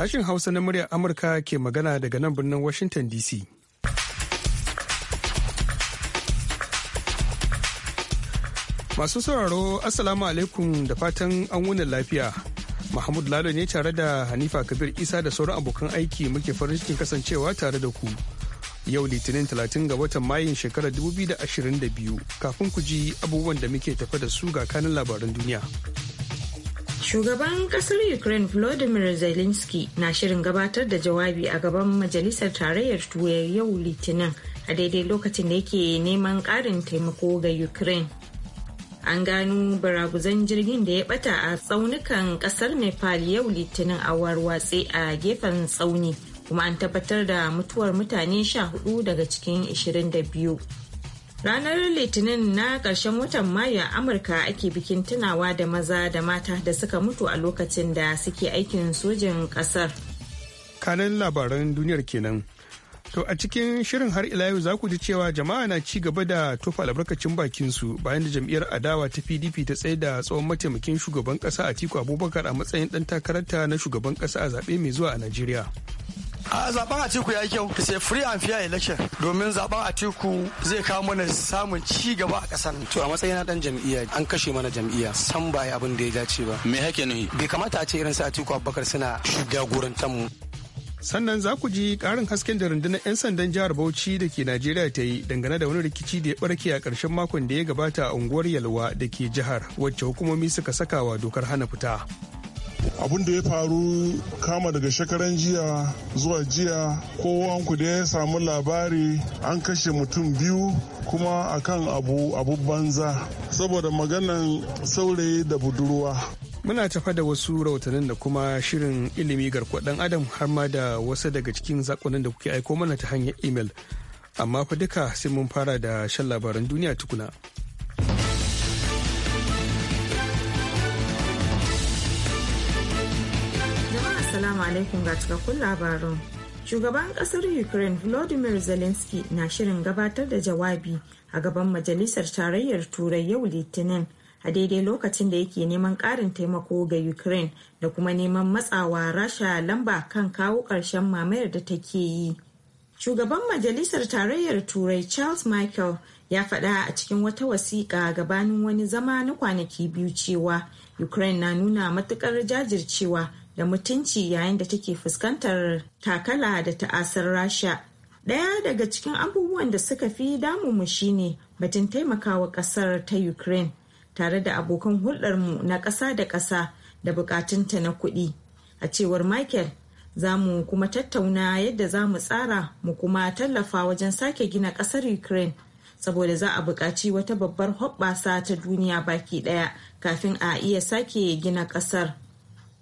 Sashin Hausa na muryar Amurka ke magana daga nan birnin Washington DC. Masu sauraro, Assalamu alaikum da fatan an wunin lafiya. Mahmud Lalo ne tare da Hanifa Kabir Isa da sauran abokan aiki muke farin cikin kasancewa tare da ku. Yau Litinin 30 ga watan Mayun shekarar 2022 kafin ku ji abubuwan da muke tafa da su ga kanin labaran duniya. Shugaban kasar Ukraine Volodymyr Zelensky na shirin gabatar da jawabi a gaban Majalisar Tarayyar Turai yau Litinin a daidai lokacin da yake neman ƙarin taimako ga Ukraine. An gano baraguzan jirgin da ya bata a tsaunukan ƙasar Nepal yau Litinin a warwatse a gefen tsauni kuma an tabbatar da mutuwar mutane 14 daga cikin 22. Ranar Litinin na ƙarshen watan Mayu a Amurka ake bikin tunawa da maza da mata da suka mutu a lokacin da suke aikin sojin ƙasar. Kanan labaran duniyar kenan. To a cikin shirin har ila yau za ku ji cewa jama'a na ci gaba da tofa albarkacin bakinsu bayan da jam'iyyar adawa ta PDP ta tsaye da tsawon mataimakin shugaban ƙasa Atiku Abubakar a matsayin dan takararta na shugaban ƙasa a zaɓe mai zuwa a Najeriya. a zaben atiku ya yi kyau sai free and fair election domin zaben atiku zai kawo mana samun ci gaba a kasar to a matsayin na dan jam'iyya an kashe mana jam'iyya san ba abin da ya dace ba me hake nuhi bai kamata a ce irin su atiku abubakar suna shugabantar mu sannan za ku ji karin hasken da rundunar 'yan sandan jihar bauchi da ke najeriya ta yi dangane da wani rikici da ya barke a karshen makon da ya gabata a unguwar yalwa da ke jihar wacce hukumomi suka sakawa dokar hana fita abin da ya faru kama daga shekaran jiya zuwa jiya kowan ku da ya samu labari an kashe mutum biyu kuma akan abu abu banza saboda maganan saurayi da budurwa muna tafa da wasu rahotannin da kuma shirin ilimi garkuwar adam har ma da wasu daga cikin zakonin da kuke aiko mana ta hanyar imel amma fa duka sai mun fara da shan labaran duniya tukuna. alaikum ga cikakkun labaran. Shugaban kasar Ukraine Volodymyr Zelensky na shirin gabatar da jawabi a gaban Majalisar Tarayyar Turai yau Litinin a daidai lokacin da yake neman ƙarin taimako ga Ukraine da kuma neman matsawa Rasha lamba kan kawo ƙarshen mamayar da take yi. Shugaban Majalisar Tarayyar Turai Charles Michael ya faɗa a cikin wata wasiƙa gabanin wani zama na kwanaki biyu cewa Ukraine na nuna matuƙar jajircewa da mutunci yayin da take fuskantar takala da ta'asar rasha ɗaya daga cikin abubuwan da suka fi mu shine batun taimakawa ƙasar ta ukraine tare da abokan hulɗarmu na ƙasa da ƙasa da bukatunta na kuɗi a cewar michael za mu kuma tattauna yadda za mu tsara mu kuma tallafa wajen sake gina ƙasar ukraine saboda za a buƙaci wata babbar hoɓɓasa ta duniya baki ɗaya kafin a iya sake gina ƙasar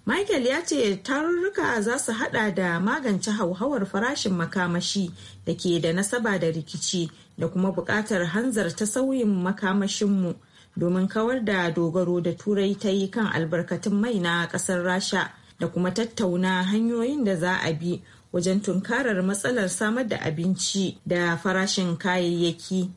Michael ya ce tarurruka za su hada da magance hauhawar farashin makamashi da ke da nasaba da rikici da kuma buƙatar hanzar ta sauyin makamashinmu domin kawar da dogaro da turai ta yi kan albarkatun mai na ƙasar rasha da kuma tattauna hanyoyin da za a bi wajen tunkarar matsalar samar da abinci da farashin kayayyaki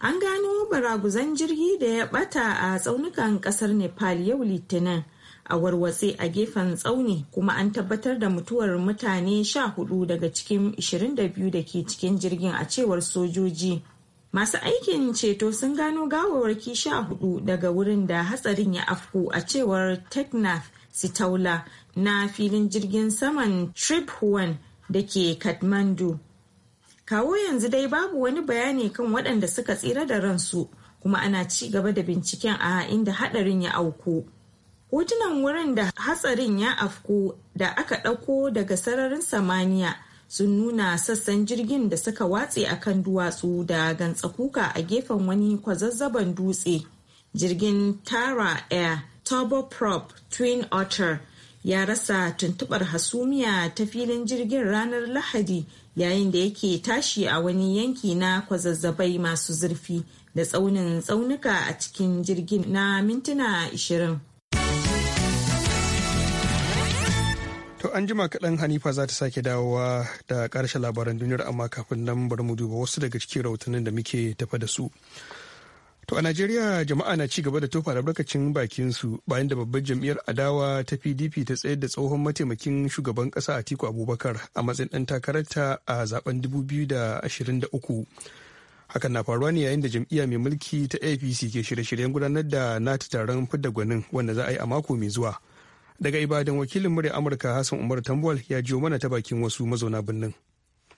an gano baraguzan jirgi da ya bata a tsaunukan ƙasar nepal yau litinin a warwatse a gefen tsauni kuma an tabbatar da mutuwar mutane sha hudu daga cikin 22 da ke cikin jirgin a cewar sojoji masu aikin ceto sun gano gawarwaki sha hudu daga wurin da hatsarin ya afku a cewar tekna sitaula na filin jirgin saman one da ke kathmandu kawo yanzu dai babu wani bayani kan waɗanda suka tsira da ransu kuma ana ci gaba da binciken a inda hadarin ya auku. hotunan wurin da hatsarin ya afku da aka ɗauko daga sararin samaniya sun nuna sassan jirgin da suka watse a kan duwatsu da gantsakuka a gefen wani kwazazzaban dutse jirgin tara air turboprop twin otter ya rasa tuntubar hasumiya ta filin jirgin ranar lahadi yayin da yake tashi a wani yanki na kwazazzabai masu zurfi da tsaunin tsaunuka a cikin jirgin na mintuna 20 To an jima kaɗan Hanifa za ta sake dawowa da ƙarshen labaran duniyar amma kafin nan bari mu duba wasu daga cikin rahotannin da muke tafa da su. To a Najeriya jama'a na ci gaba da tofa albarkacin bakin su bayan da babbar jam'iyyar adawa ta PDP ta tsayar da tsohon mataimakin shugaban ƙasa Atiku Abubakar a matsayin ɗan takararta a zaben 2023. Hakan na faruwa ne yayin da jam'iyya mai mulki ta APC ke shirye-shiryen gudanar da nata taron fidda gwanin wanda za a yi a mako mai zuwa. daga ibadan wakilin murya amurka hassan umar tambuwal ya jiyo mana ta bakin wasu mazauna birnin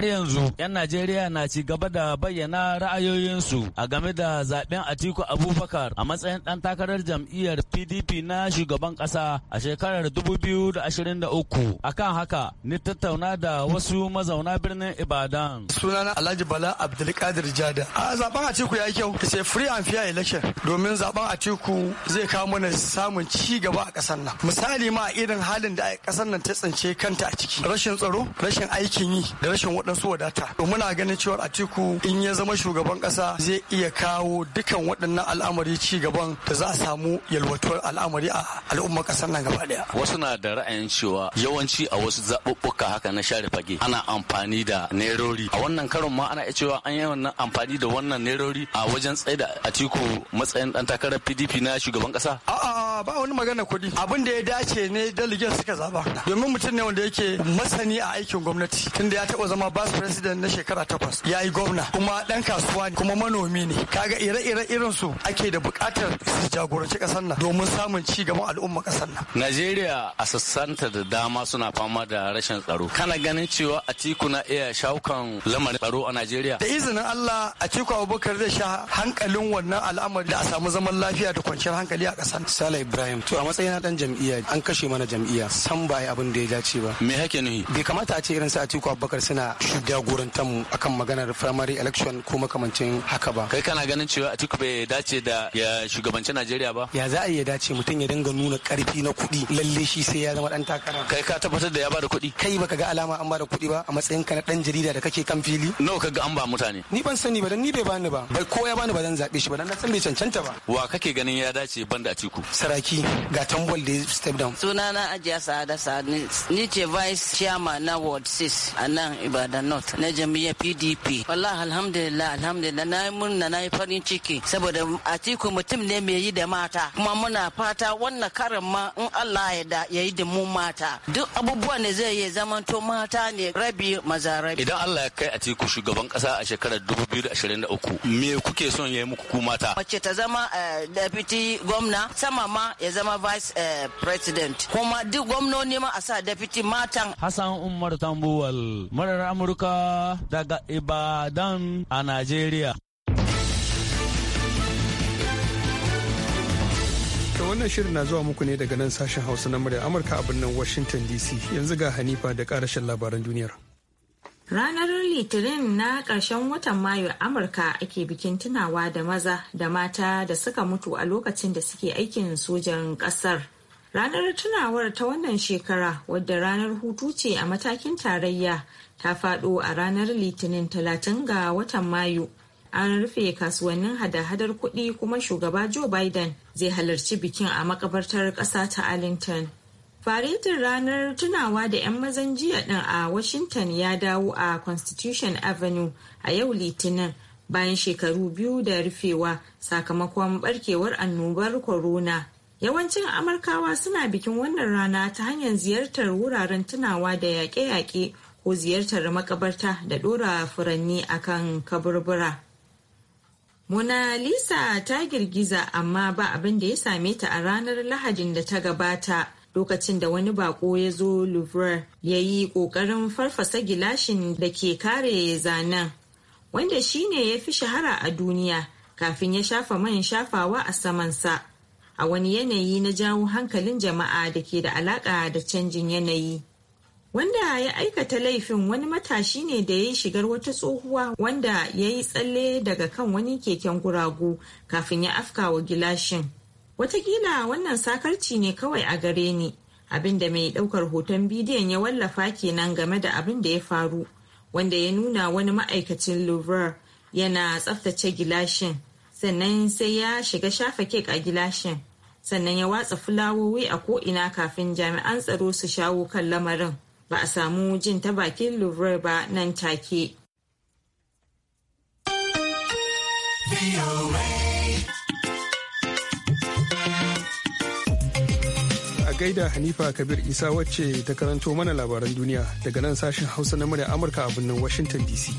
har yanzu 'yan Najeriya na ci gaba da bayyana ra'ayoyinsu a game da zaben Atiku Abubakar a matsayin ɗan takarar jam'iyyar PDP na shugaban ƙasa a shekarar 2023. Akan haka, ni tattauna da wasu mazauna birnin Ibadan. Sunana Alhaji Bala Abdulkadir Jada. A zaben Atiku ya yi kyau, ta ce free and fair election domin zaben Atiku zai kawo mana samun ci gaba a ƙasar nan. Misali ma irin halin da ƙasar nan ta tsince kanta a ciki. Rashin tsaro, rashin aikin yi, da rashin waɗansu wadata to muna ganin cewa atiku in ya zama shugaban kasa. zai iya kawo dukan waɗannan al'amari ci gaban da za a samu yalwatuwar al'amari a al'ummar ƙasar nan gaba ɗaya wasu na da ra'ayin cewa yawanci a wasu zaɓuɓɓuka haka na share fage ana amfani da nerori a wannan karon ma ana cewa an yi wannan amfani da wannan nerori a wajen tsaye da atiku matsayin ɗan takarar pdp na shugaban kasa. a'a ba wani magana kuɗi abin da ya dace ne daligen suka zaba domin mutum ne wanda yake masani a aikin gwamnati tunda ya taɓa zama vice president na shekara takwas ya yi gwamna kuma dan kasuwa ne kuma manomi ne kaga ire-ire irin su ake da bukatar su jagoranci kasar nan domin samun ci gaban al'umma kasar nan Najeriya a sassanta da dama suna fama da rashin tsaro kana ganin cewa tiku na iya shaukan lamarin tsaro a Najeriya da izinin Allah a tiku Abubakar zai sha hankalin wannan al'amari da a samu zaman lafiya da kwanciyar hankali a kasar Sala Ibrahim to a matsayina dan jam'iyya an kashe mana jam'iyya san ba abin da ya dace ba me hake nuhi bai kamata a ce irin a tiku Abubakar suna jagorantar mu akan maganar primary election ko makamancin haka ba kai kana ganin cewa Atiku bai dace da ya shugabanci Najeriya ba ya za a iya dace mutum ya dinga nuna karfi na kuɗi lalle shi sai ya zama dan takara kai ka tabbatar da ya bada kuɗi kai baka ga alama an bada kuɗi ba a matsayin ka na dan jarida da kake kan fili N'o ka ga an ba mutane ni ban sani ba dan ni bai bani ba bai ko ya bani ba dan zabe shi ba dan na san bai cancanta ba wa kake ganin ya dace banda Atiku saraki ga tambol da step down sunana Ajiya Sa'ada Sa'ad ni ce vice chairman na ward 6 a nan Ibadan da north na jam'iyyar pdp wallahi alhamdulillah alhamdulillah na yi murna na yi farin ciki saboda atiku mutum ne mai yi da mata kuma muna fata wannan karin ma in allah ya da ya yi da mu mata duk abubuwan da zai yi to mata ne rabi maza rabi idan allah ya kai atiku shugaban kasa a shekarar 2023 me kuke son ya yi muku ku mata mace ta zama eh, deputy gwamna sama ma ya zama vice eh, president kuma duk gwamnoni ma a sa deputy matan hassan umar tambuwal marar amur Amurka daga Ibadan a Najeriya. To wannan shirin na zuwa muku ne daga nan sashen Hausa na murya Amurka a birnin Washington DC yanzu ga Hanifa da karashin labaran duniyar. Ranar Litinin na ƙarshen watan Mayu a Amurka ake bikin tunawa da maza da mata da suka mutu a lokacin da suke aikin sojan ƙasar. Ranar tunawar ta wannan shekara wadda ranar hutu ce a matakin tarayya ta faɗo a ranar Litinin Talatin ga watan Mayu. An rufe kasuwannin hada-hadar kuɗi kuma shugaba Joe Biden zai halarci bikin a makabartar ƙasa ta Arlington. Faretin ranar tunawa da 'yan mazan jiya ɗin a Washington ya dawo a Constitution Avenue a yau Litinin bayan shekaru biyu da rufewa sakamakon barkewar annobar corona. Yawancin Amurkawa suna bikin wannan rana ta hanyar ziyartar wuraren tunawa da yaƙe-yaƙe ko ziyartar makabarta da ɗora furanni akan kaburbura. Mona Lisa ta girgiza amma ba abin da ya same ta a ranar Lahadin da ta gabata lokacin da wani bako ya zo Louvre ya yi ƙoƙarin farfasa gilashin da ke kare zanen, wanda shine ya fi shahara a duniya kafin ya shafa man shafawa a samansa. a wani yanayi na jawo hankalin jama'a da ke da alaƙa da canjin yanayi. Wanda ya aikata laifin wani matashi ne da ya yi shigar wata tsohuwa wanda ya yi tsalle daga kan wani keken guragu kafin ya wa gilashin. Wataƙila wannan sakarci ne kawai a gare ni, abin da mai ɗaukar hoton bidiyon ya wallafa kenan game da abin da ya faru, wanda ya nuna wani ma'aikacin Louvre yana tsaftace gilashin. sannan sai ya shiga shafa kek a gilashin sannan ya watsa fulawowi a ko'ina kafin jami'an tsaro su shawo kan lamarin ba a samu jin ta bakin louvre ba nan take. A gaida Hanifa Kabir Isa wacce ta karanto mana labaran duniya daga nan sashen Hausa na murya Amurka a birnin Washington DC.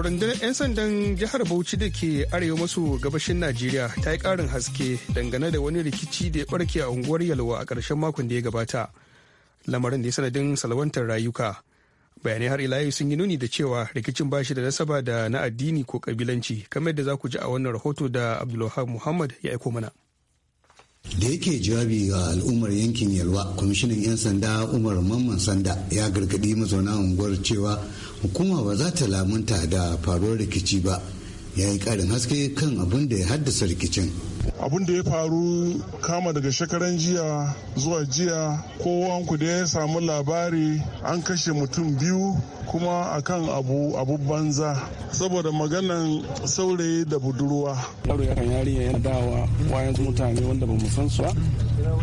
rundunar 'yan sandan jihar Bauchi da ke arewa maso gabashin Najeriya ta yi karin haske dangane da wani rikici da ya barke a unguwar Yalwa a ƙarshen makon da ya gabata. Lamarin da ya sanadin salwantar rayuka. Bayanai har ila sun yi nuni da cewa rikicin bashi da nasaba da na addini ko kabilanci kamar da za ku ji a wannan rahoto da Abdulwahab Muhammad ya aiko mana. da yake jawabi ga al'ummar yankin yalwa kwamishinan 'yan sanda umar mamman sanda ya gargadi mazauna unguwar cewa hukuma ba za ta lamunta da faruwar rikici ba ya yi karin haske kan abin da ya haddasa rikicin abin da ya faru kama daga shekaran jiya zuwa jiya kowanku da ya samu labari an kashe mutum biyu kuma akan abu abu banza saboda maganan saurayi da budurwa yaro ya kan yarinya yana dawa wayan mutane wanda ba san su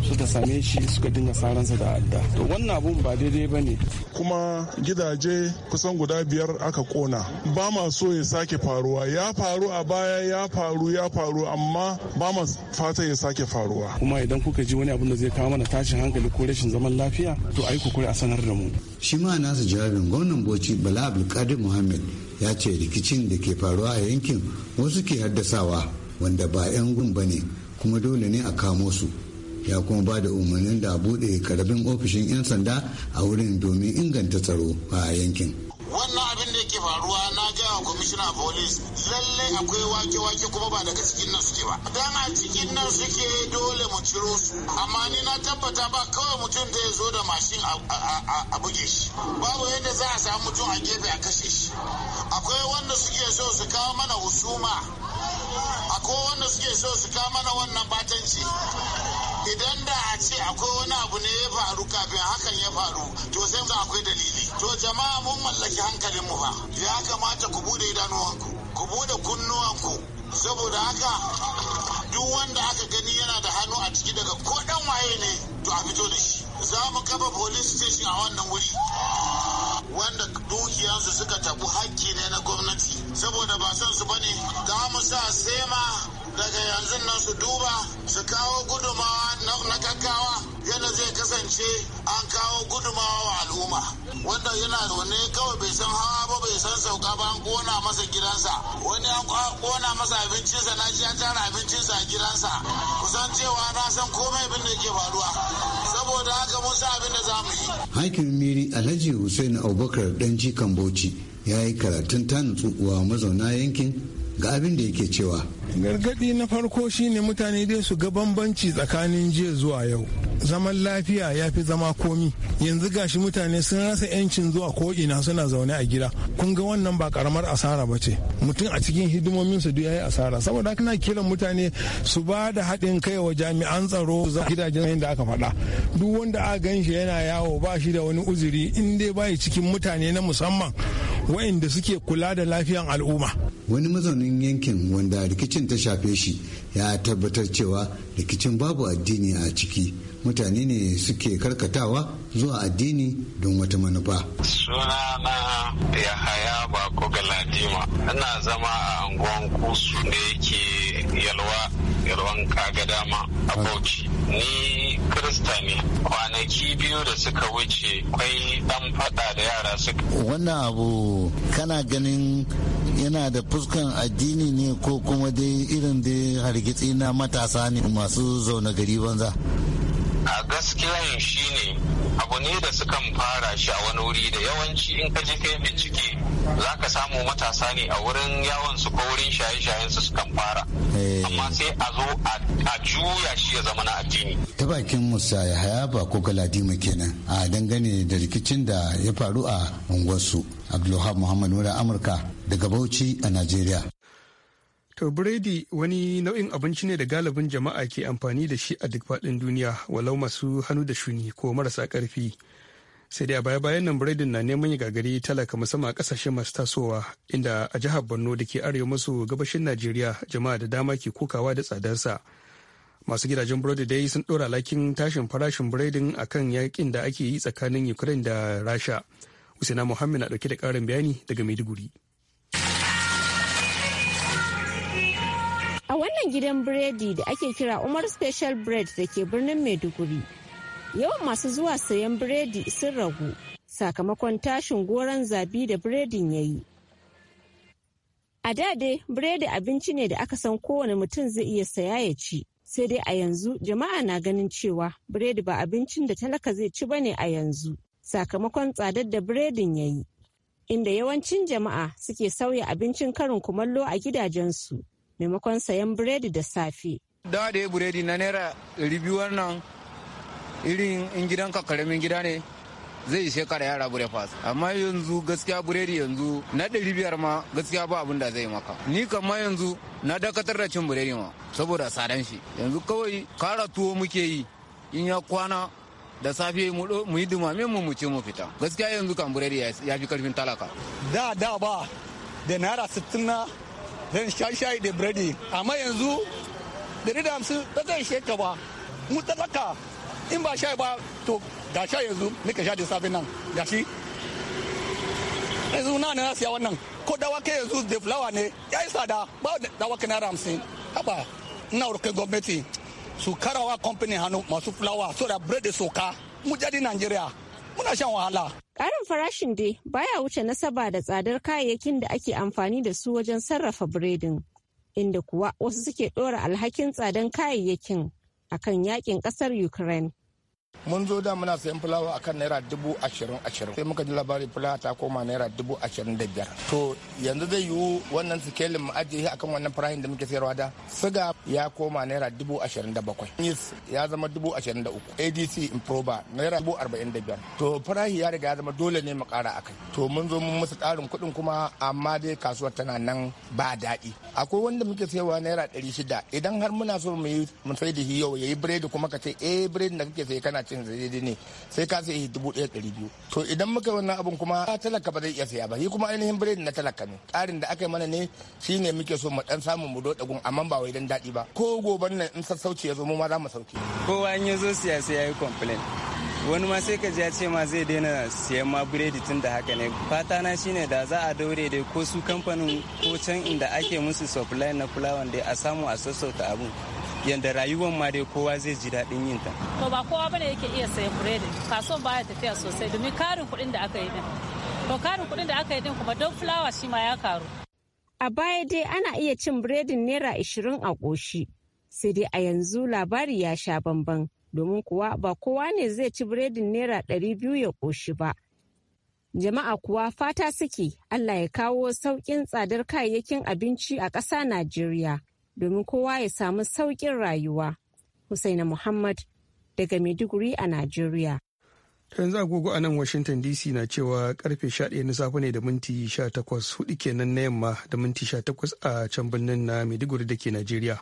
suka same shi suka dinga saransa da adda to wannan abun ba daidai ba ne kuma gidaje kusan guda biyar aka kona ba ma so ya sake faruwa ya faru a baya ya faru ya faru amma ba ba mu fata ya sake faruwa kuma idan kuka ji wani abin da zai kawo mana tashin hankali ko rashin zaman lafiya to ai ku a sanar da mu shi ma nasa jawabin gwamnan bauchi bala abdulkadir muhammad ya ce rikicin da ke faruwa a yankin wasu ke haddasawa wanda ba 'yan gun ba ne kuma dole ne a kamo su ya kuma ba da umarnin da bude karabin ofishin 'yan sanda a wurin domin inganta tsaro a yankin. Wannan da ke faruwa na gaya kwamishina police lallai akwai wake-wake kuma ba daga cikin nan suke ba dan a cikin nan suke dole mu ciro su amma ni na tabbata ba kawai mutum da ya zo da mashin a buge shi babu yadda za a samu mutum a gefe a kashe shi akwai wanda suke so su kawo mana husuma akwai wanda suke so su kawo mana wannan batanci idan da a ce akwai wani abu ne ya kafin hakan ya faru to sai mu akwai dalili to jama'a mun mallaki hankalin mu fa ya kamata ku bude idanuwanku ku bude kunnuwanku saboda haka duk wanda aka gani yana da hannu a ciki daga ko dan waye ne to a fito da shi za mu kafa police station a wannan wuri wanda dukiyarsu suka tabu hakki ne na gwamnati saboda ba son su bane za mu sa sema daga yanzu nan su duba su kawo gudumawa na kakawa yadda zai kasance an kawo gudumawa wa al'umma wanda yana zaune kawai bai san hawa ba bai san sauka ba an kona masa gidansa wani an kona masa abincinsa na ji ya tara abincinsa a gidansa kusan cewa na san komai abin da ke faruwa saboda haka mun sa abin da za mu yi. hakimin miri alhaji hussein abubakar dan jikan bauchi ya yi karatun tanin tsukuwa mazauna yankin ga abin da yake cewa gargadi na farko shine mutane dai su ga bambanci tsakanin jiya zuwa yau zaman lafiya ya fi zama komi yanzu gashi mutane sun rasa yancin zuwa ko'ina suna zaune a gida kun ga wannan ba karamar asara ba ce mutum a cikin hidimomin su ya yi asara saboda haka kiran mutane su ba da haɗin kai wa jami'an tsaro za gidajen da aka faɗa duk wanda a ganshi yana yawo ba shi da wani uzuri in dai bai cikin mutane na musamman wayanda suke kula da lafiyan al'umma wani mazaunin yankin wanda rikicin ta shafe shi ya tabbatar cewa rikicin babu addini a ciki mutane ne suke karkatawa zuwa addini don wata manufa sunana yahaya bako galadima ina zama a unguwan kusu ne yake yalwa ruwan kaga dama a bauchi ni kirista ne kwanaki biyu da suka wuce kwai dan fada da yara suka wannan abu kana ganin yana da fuskan addini ne ko kuma dai irin dai hargitsi na matasa ne masu zaune gari banza a gaskiyan ne abu ne da sukan fara shi a wani wuri da yawanci in ka je kai bincike za ka samu matasa ne a wurin yawon su ko wurin shaye-shayen su kan fara eh. amma sai a zo a juya shi ya zama na addini ta bakin musa ya haya ba ko galadima kenan a dangane da rikicin da ya faru a unguwarsu Abdullahi muhammad wurin amurka daga bauchi a najeriya To biredi wani nau'in abinci ne da galibin jama'a ke amfani da shi a duk faɗin duniya walau masu hannu da shuni ko marasa ƙarfi. sai dai a baya bayan nan biredin na neman yi gagari talaka musamman a kasashe masu tasowa inda a jihar borno da ke arewa maso gabashin najeriya jama'a da dama ke kokawa da tsadarsa masu gidajen burodi dai sun ɗora lakin tashin farashin biredin kan yakin da ake yi tsakanin ukraine da rasha usaina muhammad na dauke da karin bayani daga maiduguri a wannan gidan biredi da ake kira umar special bread da ke birnin maiduguri yawan masu zuwa sayan biredi sun ragu sakamakon tashin goron zabi da biredin ya yi. A dade biredi abinci ne da aka san kowane mutum zai iya saya ya ci, sai dai a yanzu jama'a na ganin cewa biredi ba abincin da talaka zai ci ba ne a yanzu, sakamakon tsadar da biredin ya yi. Inda yawancin jama'a suke sauya abincin karin kumallo a gidajensu, maimakon sayan biredi da safe. Da da biredi na naira biyu wannan irin in gidanka karamin gida ne zai yi shekara yara yara fas amma yanzu gaskiya buredi yanzu na ɗari biyar ma gaskiya ba abin da zai maka ni kama yanzu na dakatar da cin buredi ma saboda sadan shi yanzu kawai kara tuwo muke yi in ya kwana da safe mu yi dumame mu mu ce mu fita gaskiya yanzu kan buredi ya fi karfin talaka da da ba da naira sittin na zan sha shayi da buredi amma yanzu ɗari da hamsin ba zai ka mu talaka in ba sha ba to ga sha yanzu nika sha da safin nan da shi yanzu na na siya wannan ko dawake yanzu da fulawa ne ya yi tsada ba dawake naira hamsin haba ina roƙe gwamnati su karawa kamfanin hannu masu fulawa so da bread soka mu jadi nigeria muna shan wahala Ƙarin farashin dai baya wuce nasaba da tsadar kayayyakin da ake amfani da su wajen sarrafa biredin, inda kuwa wasu suke ɗora alhakin tsadan kayayyakin akan yakin ƙasar Ukraine. mun zo da muna sayan fulawa akan naira dubu ashirin ashirin sai muka ji labarin fulawa ta koma naira dubu ashirin da biyar to yanzu zai yiwu wannan sikelin mu ajiye akan wannan farahin da muke sayarwa da siga ya koma naira dubu ashirin da bakwai yes ya zama dubu ashirin da uku adc improba naira dubu arba'in da biyar to farahi ya riga ya zama dole ne mu kara kai. to mun zo mun musu karin kuɗin kuma amma dai kasuwar tana nan ba daɗi akwai wanda muke sayarwa naira ɗari shida idan har muna so mu yi mu sai da yau ya yi biredi kuma ka ce eh biredi da kake sayi kana cin daidai ne sai ka sai dubu ɗaya ɗari biyu to idan muka wannan abun kuma talaka ba zai iya saya ba shi kuma ainihin biredi na talaka ne ƙarin da aka yi mana ne ne muke so mu dan samu mu doɗa gun amma ba wai dan daɗi ba ko goban nan in sassauci ya zo mu ma za mu sauke. kowa in ya zo siya sai ya yi complain wani ma sai ka ji ya ce ma zai daina siyan ma biredi tun da haka ne fata na shine da za a daure dai ko su kamfanin ko can inda ake musu supply na fulawan dai a samu a sassauta abun yanda rayuwar ma dai kowa zai ji daɗin yin ta. To ba kowa bane yake iya sayan biredi kasuwan baya tafiya sosai domin karin kuɗin da aka yi din. To karin kuɗin da aka yi din kuma don fulawa shi ma ya karu. A baya dai ana iya cin biredin naira ashirin a ƙoshi. Sai dai a yanzu labari ya sha bamban domin kuwa ba kowa ne zai ci biredin naira ɗari biyu ya ƙoshi ba. Jama'a kuwa fata suke Allah ya kawo sauƙin tsadar kayayyakin abinci a ƙasa Najeriya. domin kowa ya samu saukin rayuwa. Husaina Muhammad daga Maiduguri a Najeriya. yanzu agogo a nan Washington DC na cewa karfe 11 na safe ne da minti 18 hudu kenan na yamma da minti 18 a can birnin na Maiduguri da ke Najeriya.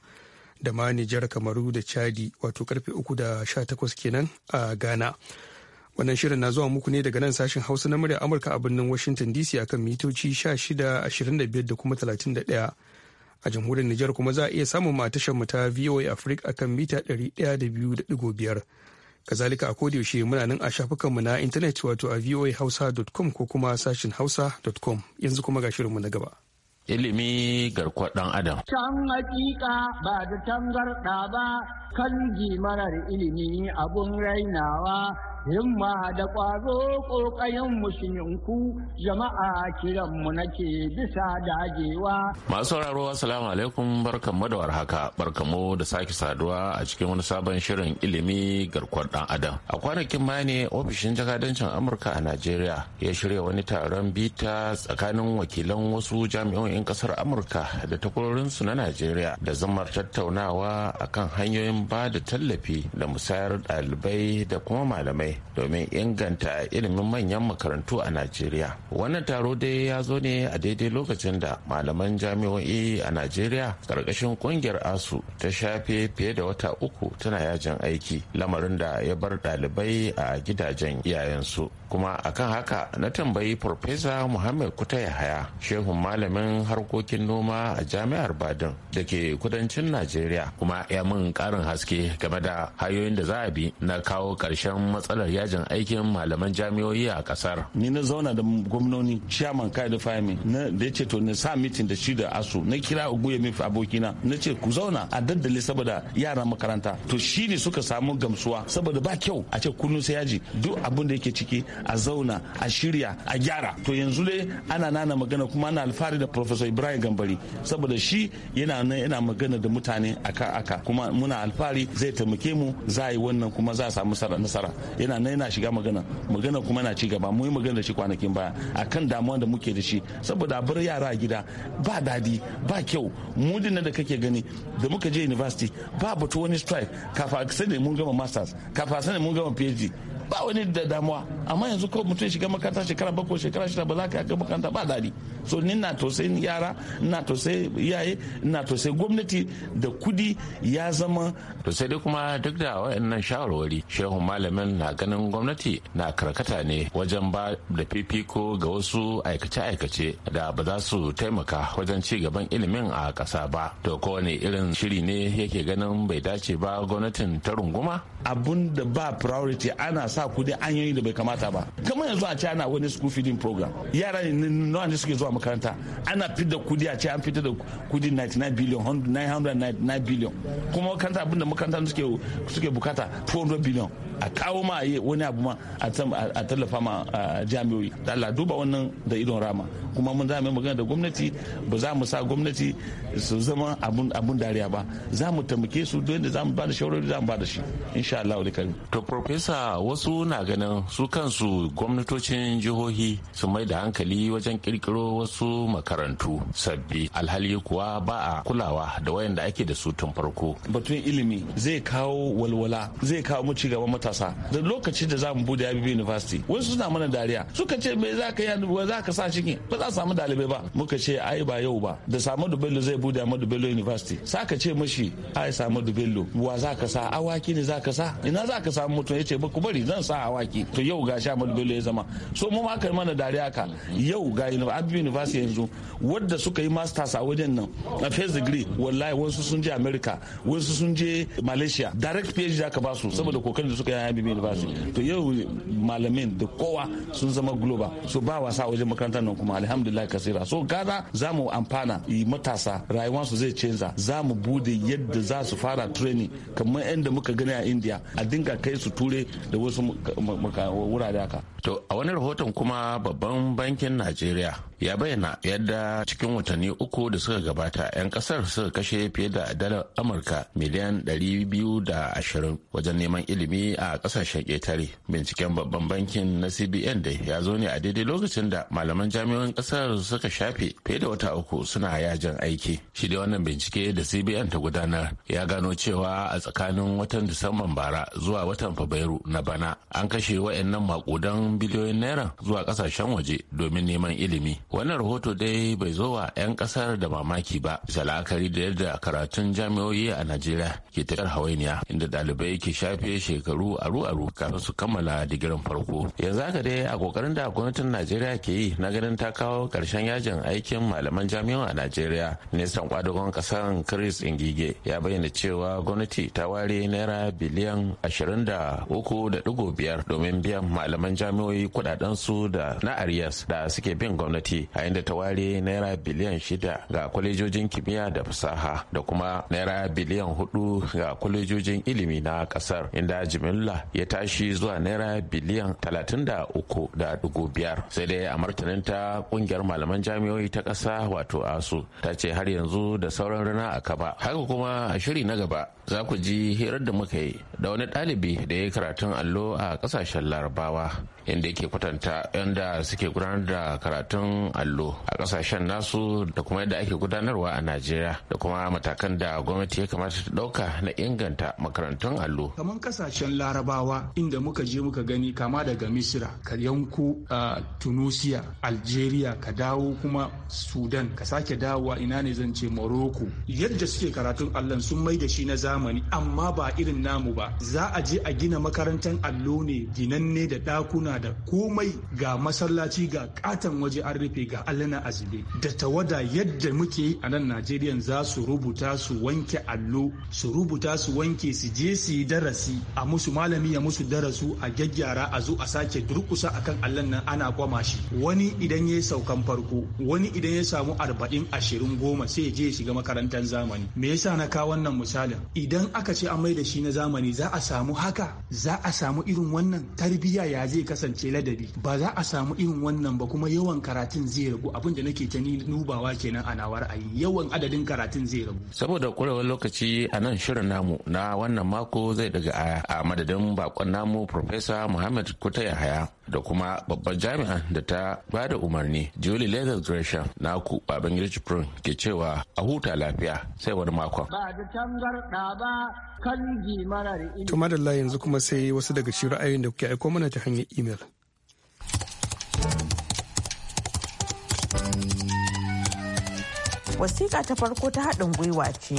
Da ma Nijar Kamaru da Chadi wato karfe 3 da 18 kenan a Ghana. Wannan shirin na zuwa muku ne daga nan sashen Hausa na murya Amurka a birnin Washington DC akan mitoci 16, 25 da kuma 31. a jamhuriyar Nijar kuma za a iya samun matashan mu ta VOA Africa akan mita 102.5 kazalika a yaushe muna nan a shafukanmu na intanet wato a voahausa.com ko kuma sashin hausa.com yanzu kuma ga shirinmu na gaba ilimi garkuwar dan adam can hakika ba da tangarɗa ba kan marar ilimi abun rainawa himma da ƙwazo ƙoƙayen mushinku jama'a kiranmu nake bisa dagewa. Masu sauraro assalamu alaikum barkanmu da warhaka barkanmu da sake saduwa a cikin wani sabon shirin ilimi garkuwar ɗan adam. A kwanakin baya ne ofishin jakadancin Amurka a Najeriya ya shirya wani taron bita tsakanin wakilan wasu jami'o'in ƙasar Amurka da takwarorinsu na Najeriya da zamar tattaunawa akan hanyoyin ba da tallafi da musayar ɗalibai da kuma malamai domin inganta ilimin manyan makarantu a najeriya wannan taro dai ya zo ne a daidai lokacin da malaman jami'o'i a najeriya Ƙarƙashin ƙungiyar asu ta shafe fiye da wata uku tana yajin aiki lamarin da ya bar ɗalibai a gidajen iyayensu kuma akan haka na tambayi farfesa muhammad kuta yahaya shehun malamin harkokin noma a jami'ar badin da ke kudancin najeriya kuma ya min ƙarin haske game da hanyoyin da za a bi na kawo ƙarshen matsalar yajin aikin malaman jami'o'i a kasar ni na zauna da gwamnoni chairman kai da fahimi na da ce to na sa mitin da shi da asu na kira ya min abokina na ce ku zauna a daddale saboda yara makaranta to shi ne suka samu gamsuwa saboda ba kyau a ce kullun sai yaji duk abin da yake ciki a zauna a shirya a gyara to yanzu dai ana nana magana kuma ana alfahari da professor ibrahim gambari saboda shi yana nan yana magana da mutane aka aka kuma muna alfahari zai taimake mu za yi wannan kuma za a samu nasara yana yana nan yana shiga magana magana kuma na ci gaba mun yi magana da shi kwanakin baya akan damuwa da muke da shi saboda bar yara a gida ba dadi ba kyau mudin da kake gani da muka je university ba batu wani strike kafa sai mun gama masters kafa sai mun gama phd ba wani da damuwa amma yanzu kawai mutum shiga makaranta shekara bakwai shekara shida ba za ka ga makaranta ba daɗi so ni na tosai yara na tosai iyaye na tosai gwamnati da kudi ya zama to sai dai kuma duk da wayannan shawarwari shehu malamin na ganin gwamnati na karkata ne wajen ba da fifiko ga wasu aikace-aikace da ba za su taimaka wajen ci gaban ilimin a kasa ba to kowane irin shiri ne yake ganin bai dace ba gwamnatin ta runguma abun da ba priority ana sa kudi an yi da bai kamata ba kamar yanzu a ce ana wani school feeding program yara nawa ne suke zuwa makaranta ana fitar da kudi a ce an fitar da kudi 99 billion 999 billion kuma makaranta abinda makaranta suke bukata 400 billion a kawo ma wani abu ma a tallafa ma jami'oi da Allah duba wannan da idon rama kuma mun za magana da gwamnati ba za mu sa gwamnati su zama abun dariya ba za mu taimake su don da za mu ba da shawarwari za mu ba da shi insha Allah da karim to professor wasu na ganin su kansu gwamnatocin jihohi su mai da hankali wajen kirkiro wasu makarantu sabbi alhali kuwa ba a kulawa da wayanda ake da su tun farko batun ilimi zai kawo walwala zai kawo mu ci gaba matasa da lokaci da za mu bude yabi university wasu suna mana dariya suka ce me za ka yi wa za ka sa shi ba za samu dalibai ba muka ce ai ba yau ba da samu dubello zai bude Amadu Bello University sa ka ce mashi ai samu dubello wa za ka sa awaki ne za ka sa ina za ka samu mutum ce ba ku bari zan sa awaki to yau ga sha Amadu Bello ya zama so mu ma mana dariya ka yau ga Abi University yanzu wadda suka yi masters a wajen nan a first degree wallahi wasu sun je America wasu sun je Malaysia direct PhD aka ba su saboda kokarin da suka jami'ar IBB University to yau malamin da kowa sun zama global so ba wasa a wajen makarantar nan kuma alhamdulillah kasira so gaza za mu amfana matasa su zai canza za mu bude yadda za su fara training kamar yadda muka gani a india a dinga kai su ture da wasu wurare haka to a wani rahoton kuma babban bankin najeriya ya bayyana yadda cikin watanni uku da suka gabata 'yan kasar suka kashe fiye da dalar amurka miliyan 220 wajen neman ilimi a kasashen ƙetare binciken babban bankin na cbn da ya zo ne a daidai lokacin da malaman jami'an kasar suka shafe fiye da wata uku suna yajin aiki shi dai wannan bincike da cbn ta gudanar ya gano cewa a tsakanin watan disamban bara zuwa watan fabrairu na bana an kashe wa'annan makudan biliyoyin naira zuwa kasashen waje domin neman ilimi wannan rahoto dai bai zo wa 'yan kasar da mamaki ba bisa la'akari da yadda karatun jami'o'i a najeriya ke tafiyar hawainiya inda dalibai ke shafe shekaru aru-aru kafin su kammala digirin farko yanzu haka dai a kokarin da gwamnatin najeriya ke yi na ganin ta kawo karshen yajin aikin malaman jami'o a najeriya ministan kwadagon kasar chris ingige ya bayyana cewa gwamnati ta ware naira biliyan ashirin da uku da digo biyar domin biyan malaman jami'o'i kudaden su da na arias da suke bin gwamnati a inda ta ware naira biliyan shida ga kwalejojin kimiyya da fasaha da kuma naira biliyan hudu ga kwalejojin ilimi na kasar inda jimilla ya tashi zuwa naira biliyan talatin da uku da dugu biyar sai dai a martanin ta kungiyar malaman jami'o'i ta kasa wato asu ta ce har yanzu da sauran rana a kaba haka kuma a shiri na gaba za ku ji hirar da muka yi da wani ɗalibi da ya yi karatun allo a ƙasashen larabawa inda yake kwatanta yadda suke gudanar da karatun allo a kasashen nasu da kuma yadda ake gudanarwa a najeriya da kuma matakan da gwamnati ya kamata ta dauka na inganta makarantun allo kamar kasashen larabawa inda muka je muka gani kama daga misira ka yanku tunisia algeria ka dawo kuma sudan ka sake dawowa ina ne zan ce morocco yadda suke karatun allon sun mai da shi na zamani amma ba irin namu ba za a je a gina makarantar allo ne ginanne da dakuna da komai ga masallaci ga katon waje an rufe ga allana azube da tawada yadda muke yi a nan najeriya za su rubuta su wanke allo su rubuta su wanke su je su yi darasi a musu malami ya musu darasu a gyaggyara a zo a sake durkusa akan allon nan ana kwama shi wani idan ya saukan farko wani idan ya samu arba'in ashirin goma sai ya je ya shiga makarantar zamani me yasa na kawo wannan misalin idan aka ce an mai da shi na zamani za a samu haka za a samu irin wannan tarbiyya ya zai kasance kasance ladabi ba za a samu irin wannan ba kuma yawan karatun zai ragu abin da nake ta nubawa kenan a nawa ra'ayi yawan adadin karatun zai ragu saboda kurewar lokaci a nan shirin namu na wannan mako zai daga aya a madadin bakon namu professor muhammad kutaya haya da kuma babbar jami'an da ta ba da umarni Julie Leather Gresham na ku baban Prin ke cewa a huta lafiya sai wani makon. Ba da tangarɗa ba To madalla yanzu kuma sai wasu daga cikin ra'ayoyin da kuke aiko mana ta hanyar imel. Wasiƙa ta farko ta haɗin gwiwa ce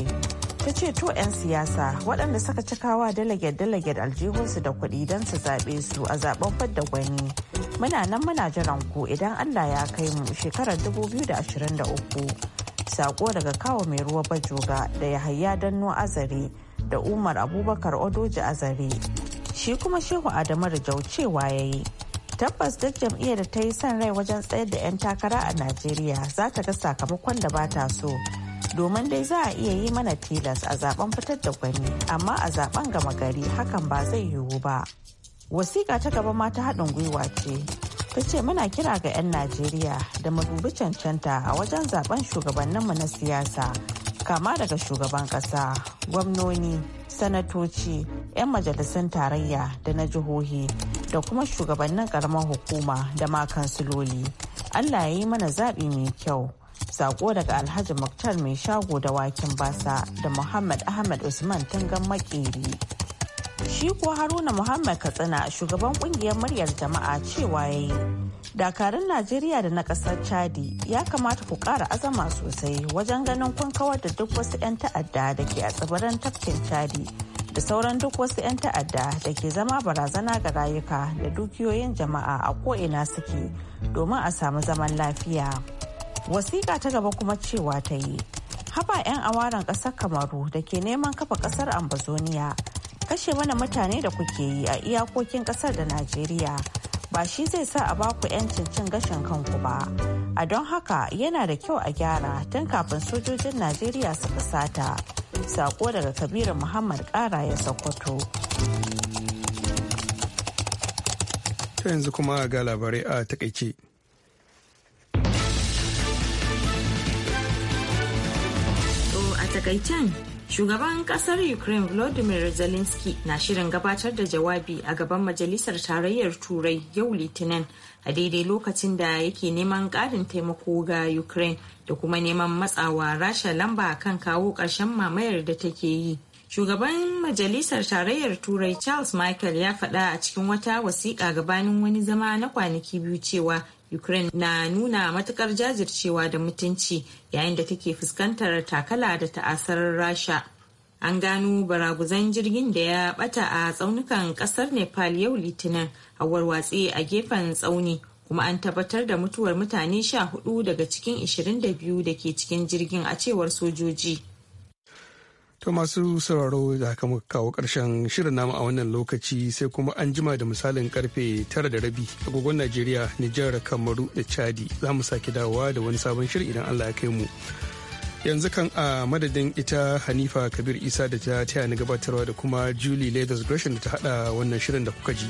ta ce to 'yan siyasa waɗanda suka cikawa dalaget-dalaget aljihunsu da kuɗi don su zaɓe su a zaɓen fadda gwani muna nan muna jiran ku idan allah ya kai mu shekarar 2023 sako daga kawo mai ruwa bajoga da ya hayya danno azare da umar abubakar odoji azare shi kuma shehu adamu rijau cewa ya yi tabbas duk jam'iyyar da ta yi son rai wajen tsayar da 'yan takara a najeriya za ta ga sakamakon da ba ta so domin dai za a iya yi mana tilas a zaben fitar da gwani amma a zaben gama gari hakan ba zai yiwu ba wasiƙa ta gaba ma ta haɗin gwiwa ce ta ce muna kira ga 'yan najeriya da mu cancanta a wajen zaben shugabanninmu na siyasa kama daga shugaban ƙasa gwamnoni sanatoci 'yan majalisun tarayya da na jihohi da kuma shugabannin ƙaramar hukuma da ma kansiloli allah ya yi mana zaɓi mai kyau Sako daga Alhaji Muktar mai shago da wakin basa da Muhammad Ahmad Usman Tangan Makeri. Shi ko Haruna Muhammad Katsina shugaban kungiyar muryar jama'a cewa ya yi. Dakarun Najeriya da na kasar Chadi ya kamata ku kara azama sosai wajen ganin kun kawar da duk wasu 'yan ta'adda da ke a tsibirin tafkin Chadi da sauran duk wasu 'yan ta'adda da ke zama barazana ga rayuka da dukiyoyin jama'a a ko'ina suke domin a samu zaman lafiya. wasiƙa ta gaba kuma cewa ta yi haba 'yan awaren ƙasar kamaru da ke neman kafa ƙasar ambazonia kashe mana mutane da kuke yi a iyakokin ƙasar da najeriya ba shi zai sa a baku 'yancin cin gashin kanku ba a don haka yana da kyau a gyara tun kafin sojojin najeriya su fusata sako daga kabiru muhammad kara ya sokoto yanzu kuma ga labarai a takaice takaicen shugaban kasar ukraine vladimir zelensky na shirin gabatar da jawabi a gaban majalisar tarayyar turai yau litinin a daidai lokacin da yake neman ƙarin taimako ga ukraine da kuma neman matsawa rasha lamba kan kawo ƙarshen mamayar da take yi shugaban majalisar tarayyar turai charles michael ya faɗa a cikin wata wasiƙa gabanin wani zama na kwanaki biyu cewa Ukraine na nuna matukar jajircewa da mutunci yayin da take fuskantar takala da ta'asar Rasha. An gano baraguzan jirgin da ya bata a tsaunukan kasar Nepal yau Litinin a warwatse a gefen tsauni kuma an tabbatar da mutuwar mutane 14 daga cikin 22 da ke cikin jirgin a cewar sojoji. To masu sauraro da haka muka kawo ƙarshen shirin namu a wannan lokaci sai kuma an jima da misalin karfe tara da rabi agogon Najeriya, Nijar, Kamaru da Chadi za mu sake dawowa da wani sabon shirin idan Allah ya kai mu. Yanzu kan a madadin ita Hanifa Kabir Isa da ta taya ni gabatarwa da kuma Julie Leathers Gresham da ta hada wannan shirin da kuka ji.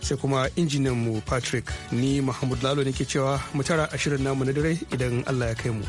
Sai kuma injiniyan mu Patrick ni Mahmud Lalo nake cewa mu tara a shirin namu na dare idan Allah ya kai mu.